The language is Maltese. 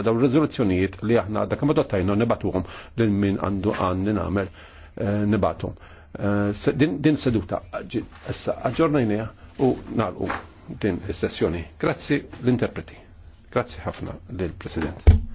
Ma daw rizoluzzjonijiet li aħna dak ma dottajna nibatuhom lil min għandu għan nagħmel eh, nibatuhom. Eh, din seduta issa aġġornajnija u nagħlqu din is-sessjoni. Grazzi l-interpreti. Grazzi ħafna lill-President.